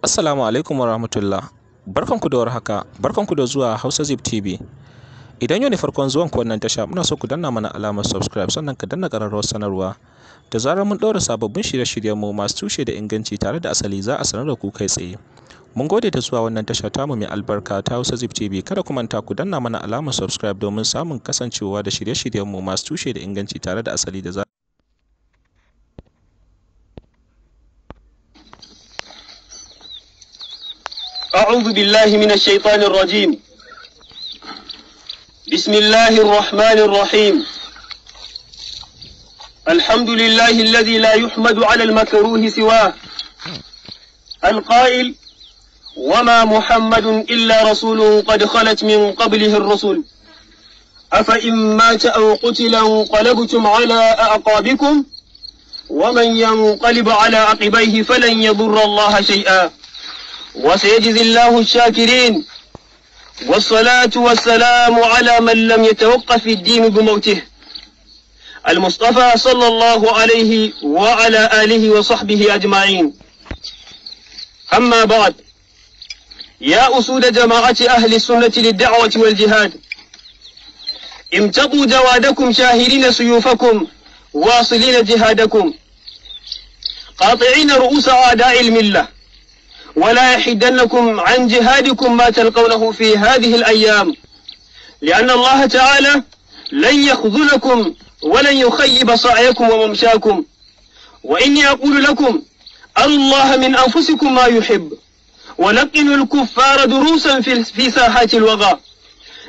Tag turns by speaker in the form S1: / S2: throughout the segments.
S1: Assalamu alaikum wa rahmatullah. Barkanku da warhaka, barkanku da zuwa Hausa Zip TV. Idan yau ne farkon zuwan ku wannan tasha, muna so ku danna mana alamar subscribe sannan ka danna ƙararrawar sanarwa. Da zarar mun ɗaura sababbin shirye-shiryen mu masu tushe da inganci tare da asali za a sanar da ku kai tsaye. Mun gode da zuwa wannan tasha tamu mai albarka ta Hausa Zip TV. Kada ku manta ku danna mana alamar subscribe domin samun kasancewa da shirye-shiryen mu masu tushe da inganci tare da asali
S2: da za أعوذ بالله من الشيطان الرجيم بسم الله الرحمن الرحيم الحمد لله الذي لا يحمد على المكروه سواه القائل وما محمد إلا رسول قد خلت من قبله الرسل أفإن مات أو قتل انقلبتم على أعقابكم ومن ينقلب على عقبيه فلن يضر الله شيئا وسيجزي الله الشاكرين والصلاة والسلام على من لم يتوقف في الدين بموته المصطفى صلى الله عليه وعلى آله وصحبه أجمعين أما بعد يا أسود جماعة أهل السنة للدعوة والجهاد امتقوا جوادكم شاهرين سيوفكم واصلين جهادكم قاطعين رؤوس أعداء المله ولا يحدنكم عن جهادكم ما تلقونه في هذه الأيام لأن الله تعالى لن يخذلكم ولن يخيب سعيكم وممشاكم وإني أقول لكم أروا الله من أنفسكم ما يحب ولقنوا الكفار دروسا في ساحات الوغى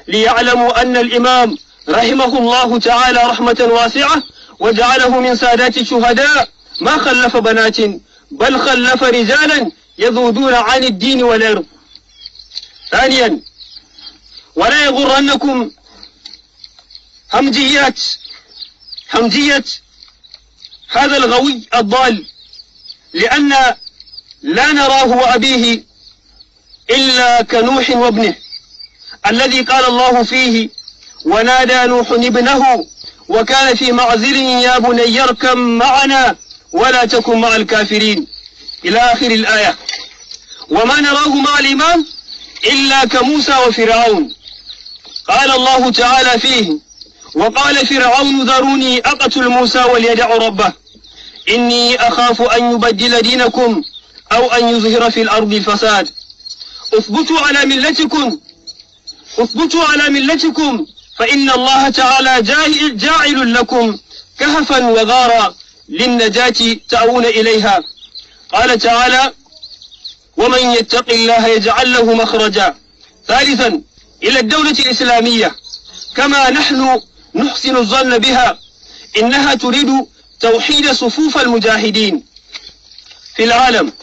S2: ليعلموا أن الإمام رحمه الله تعالى رحمة واسعة وجعله من سادات الشهداء ما خلف بنات بل خلف رجالا يذودون عن الدين والعرض ثانيا ولا يغرنكم همجيات همجية هذا الغوي الضال لأن لا نراه وأبيه إلا كنوح وابنه الذي قال الله فيه ونادى نوح ابنه وكان في معزل يا بني اركم معنا ولا تكن مع الكافرين إلى آخر الآية وما نراه مع الإمام إلا كموسى وفرعون قال الله تعالى فيه وقال فرعون ذروني أقتل موسى وليدع ربه إني أخاف أن يبدل دينكم أو أن يظهر في الأرض الفساد اثبتوا على ملتكم اثبتوا على ملتكم فإن الله تعالى جاعل, جاعل لكم كهفا وغارا للنجاة تأوون إليها قال تعالى ومن يتق الله يجعل له مخرجا ثالثا إلى الدولة الإسلامية كما نحن نحسن الظن بها إنها تريد توحيد صفوف المجاهدين في العالم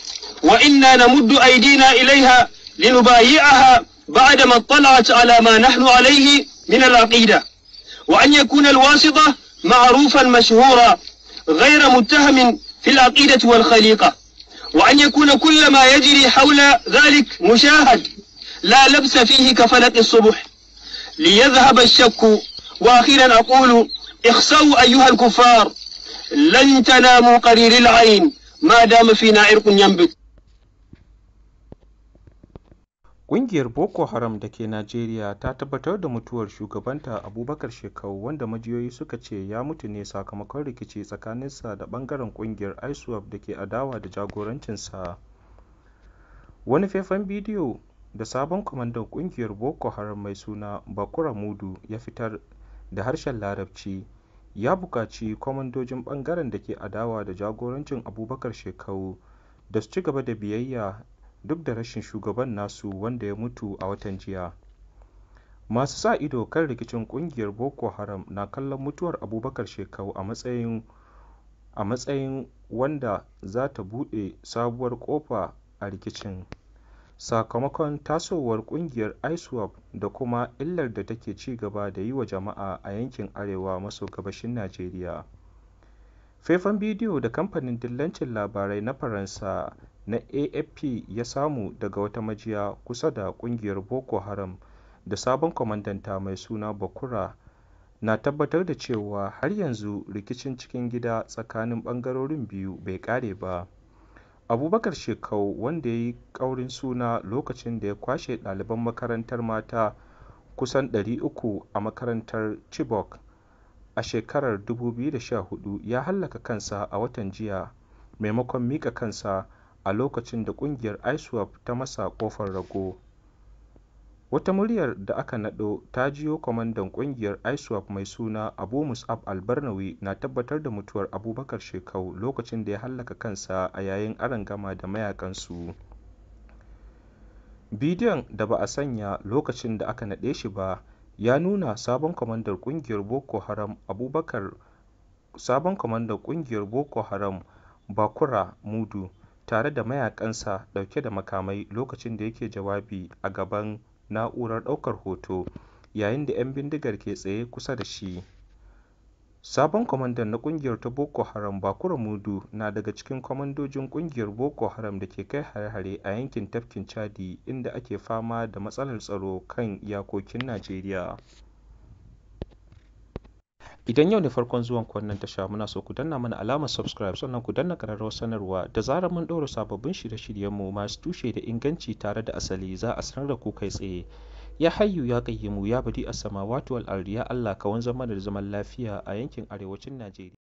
S2: وإنا نمد أيدينا إليها لنبايعها بعدما اطلعت على ما نحن عليه من العقيدة وأن يكون الواسطة معروفا مشهورا غير متهم في العقيدة والخليقة وأن يكون كل ما يجري حول ذلك مشاهد لا لبس فيه كفلة الصبح ليذهب الشك وأخيرا أقول اخسوا أيها الكفار لن تناموا قرير العين ما دام فينا عرق ينبت
S1: Ƙungiyar Boko Haram da ke Najeriya ta tabbatar da mutuwar shugabanta Abubakar Shekau wanda majiyoyi suka ce ya mutu ne sakamakon rikici tsakaninsa da ɓangaren ƙungiyar ISWAP da ke adawa da jagorancinsa. Wani faifan bidiyo da sabon kwamandan ƙungiyar Boko Haram mai suna Bakura mudu ya fitar da harshen Larabci ya buƙaci kwamandojin ɓangaren da ke adawa da jagorancin Abubakar Shekau da su ci gaba da biyayya duk da rashin shugaban nasu wanda ya mutu a watan jiya masu sa ido kan rikicin kungiyar boko haram na kallon mutuwar abubakar shekau a matsayin wanda za ta buɗe sabuwar kofa a rikicin sakamakon tasowar kungiyar iswap da kuma illar da take ci gaba da yi wa jama'a a yankin arewa maso gabashin najeriya faifan bidiyo da kamfanin dillacin labarai na faransa na afp ya samu daga wata majiya kusa da ƙungiyar boko haram da sabon kwamandanta mai suna Bakura, na tabbatar da cewa har yanzu rikicin cikin gida tsakanin bangarorin biyu bai kare ba abubakar shekau wanda ya yi ƙaurin suna lokacin da ya kwashe ɗaliban makarantar mata kusan 300 a makarantar chibok a shekarar 2014 ya hallaka kansa a watan jiya maimakon miƙa kansa a lokacin da ƙungiyar iswap ta masa ƙofar rago wata muryar da aka naɗo ta jiyo kwamandan ƙungiyar iswap mai suna abu musab al-barnawi na tabbatar da mutuwar abubakar shekau lokacin da ya hallaka kansa a yayin arangama da mayaƙansu bidiyon da ba a sanya lokacin da aka naɗe shi ba ya nuna sabon kwamandan kungiyar boko haram bakura mudu tare da mayakansa dauke da makamai lokacin da yake jawabi a gaban na'urar daukar hoto yayin da 'yan bindigar ke tsaye kusa da shi sabon kwamandan na ƙungiyar ta boko haram bakura mudu na daga cikin kwamandojin ƙungiyar boko haram da ke kai hare-hare a yankin tafkin chadi inda ake fama da matsalar tsaro kan iyakokin najeriya idan yau ne farkon zuwan wannan tasha muna so ku danna mana alamar subscribe sannan ku danna ƙararrawar sanarwa da zarar mun ɗora sababbin shirye-shiryenmu masu tushe da inganci tare da asali za a sanar da ku kai tsaye Ya hayu Ya Qayyumu Ya a Samawati wal ardiya Allah ka wanzar mana da zaman lafiya a yankin Arewacin Najeriya.